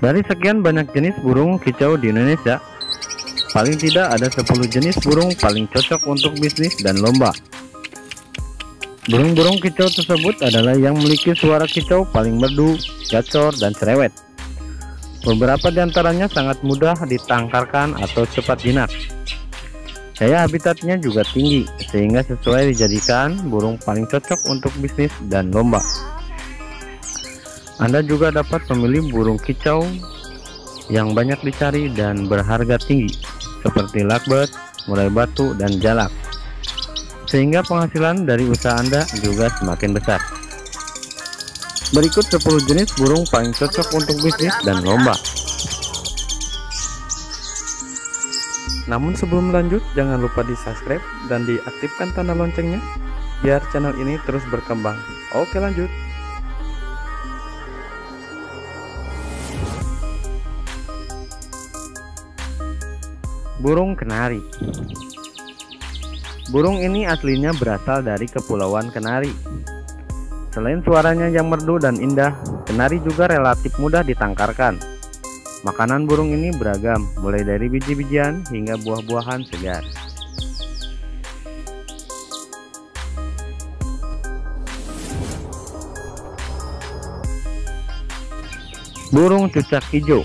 Dari sekian banyak jenis burung kicau di Indonesia, paling tidak ada 10 jenis burung paling cocok untuk bisnis dan lomba. Burung-burung kicau tersebut adalah yang memiliki suara kicau paling merdu, gacor, dan cerewet. Beberapa di antaranya sangat mudah ditangkarkan atau cepat jinak. Daya habitatnya juga tinggi, sehingga sesuai dijadikan burung paling cocok untuk bisnis dan lomba. Anda juga dapat memilih burung kicau yang banyak dicari dan berharga tinggi seperti lakbet, mulai batu, dan jalak sehingga penghasilan dari usaha Anda juga semakin besar. Berikut 10 jenis burung paling cocok untuk bisnis dan lomba. Namun sebelum lanjut, jangan lupa di subscribe dan diaktifkan tanda loncengnya biar channel ini terus berkembang. Oke lanjut. Burung Kenari Burung ini aslinya berasal dari Kepulauan Kenari. Selain suaranya yang merdu dan indah, kenari juga relatif mudah ditangkarkan. Makanan burung ini beragam, mulai dari biji-bijian hingga buah-buahan segar. Burung cucak hijau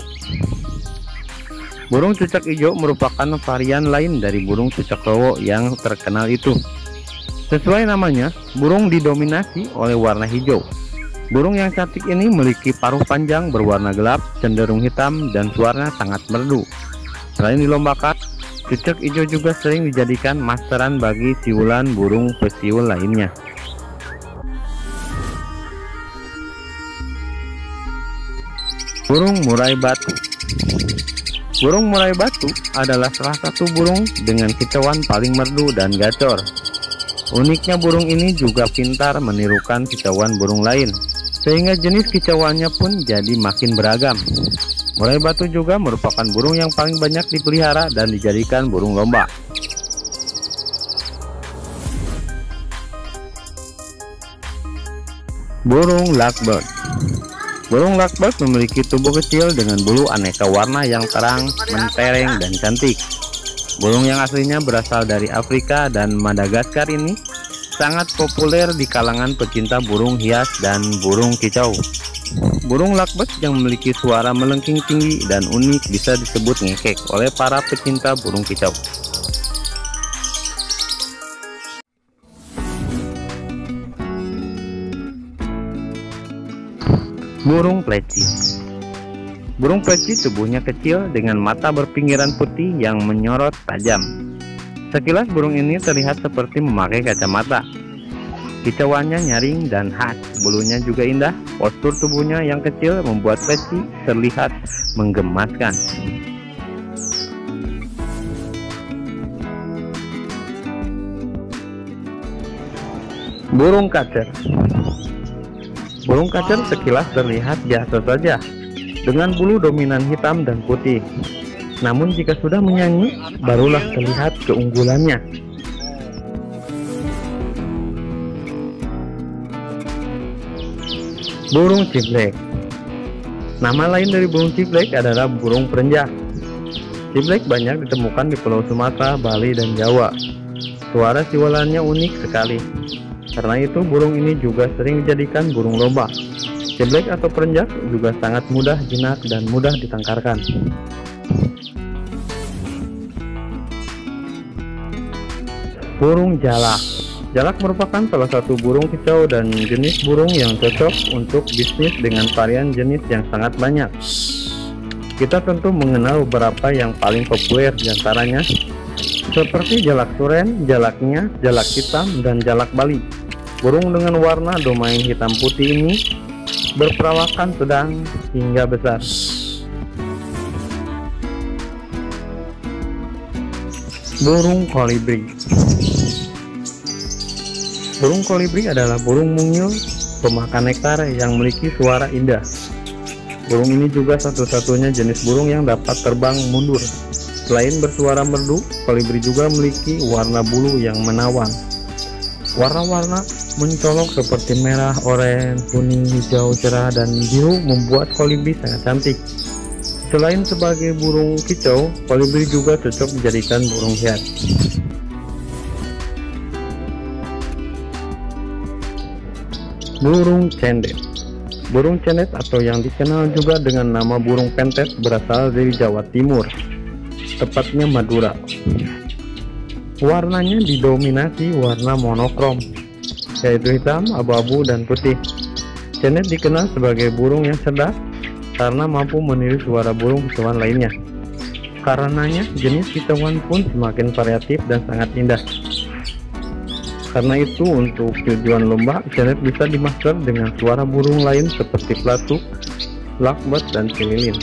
Burung cucak hijau merupakan varian lain dari burung cucak rowo yang terkenal itu. Sesuai namanya, burung didominasi oleh warna hijau. Burung yang cantik ini memiliki paruh panjang berwarna gelap, cenderung hitam, dan suaranya sangat merdu. Selain dilombakan, cucak hijau juga sering dijadikan masteran bagi siulan burung pesiul lainnya. Burung murai batu Burung murai batu adalah salah satu burung dengan kicauan paling merdu dan gacor. Uniknya burung ini juga pintar menirukan kicauan burung lain, sehingga jenis kicauannya pun jadi makin beragam. Murai batu juga merupakan burung yang paling banyak dipelihara dan dijadikan burung lomba. Burung Blackbird Burung lakbak memiliki tubuh kecil dengan bulu aneka warna yang terang, mentereng, dan cantik. Burung yang aslinya berasal dari Afrika dan Madagaskar ini sangat populer di kalangan pecinta burung hias dan burung kicau. Burung lakbak yang memiliki suara melengking tinggi dan unik bisa disebut ngekek oleh para pecinta burung kicau. Burung pleci Burung pleci tubuhnya kecil dengan mata berpinggiran putih yang menyorot tajam. Sekilas burung ini terlihat seperti memakai kacamata. Kicauannya nyaring dan khas, bulunya juga indah, postur tubuhnya yang kecil membuat pleci terlihat menggemaskan. Burung kacer Burung kacang sekilas terlihat biasa saja, dengan bulu dominan hitam dan putih. Namun jika sudah menyanyi, barulah terlihat keunggulannya. Burung ciblek Nama lain dari burung ciblek adalah burung perenjak. Ciblek banyak ditemukan di Pulau Sumatera, Bali, dan Jawa. Suara siwalannya unik sekali. Karena itu burung ini juga sering dijadikan burung lomba. Jeblek atau perenjak juga sangat mudah jinak dan mudah ditangkarkan. Burung jalak Jalak merupakan salah satu burung kicau dan jenis burung yang cocok untuk bisnis dengan varian jenis yang sangat banyak. Kita tentu mengenal beberapa yang paling populer diantaranya, seperti jalak suren, jalaknya, jalak hitam, dan jalak bali. Burung dengan warna domain hitam putih ini berperawakan sedang hingga besar. Burung kolibri Burung kolibri adalah burung mungil pemakan nektar yang memiliki suara indah. Burung ini juga satu-satunya jenis burung yang dapat terbang mundur. Selain bersuara merdu, kolibri juga memiliki warna bulu yang menawan. Warna-warna mencolok seperti merah, oranye, kuning, hijau, cerah, dan biru membuat kolibri sangat cantik. Selain sebagai burung kicau, kolibri juga cocok dijadikan burung hias. Burung cendet Burung cendet atau yang dikenal juga dengan nama burung pentet berasal dari Jawa Timur, tepatnya Madura warnanya didominasi warna monokrom yaitu hitam, abu-abu, dan putih. Janet dikenal sebagai burung yang cerdas karena mampu meniru suara burung hewan lainnya. Karenanya, jenis hitungan pun semakin variatif dan sangat indah. Karena itu, untuk tujuan lomba, Janet bisa dimasker dengan suara burung lain seperti pelatuk, lakbat, dan cililin.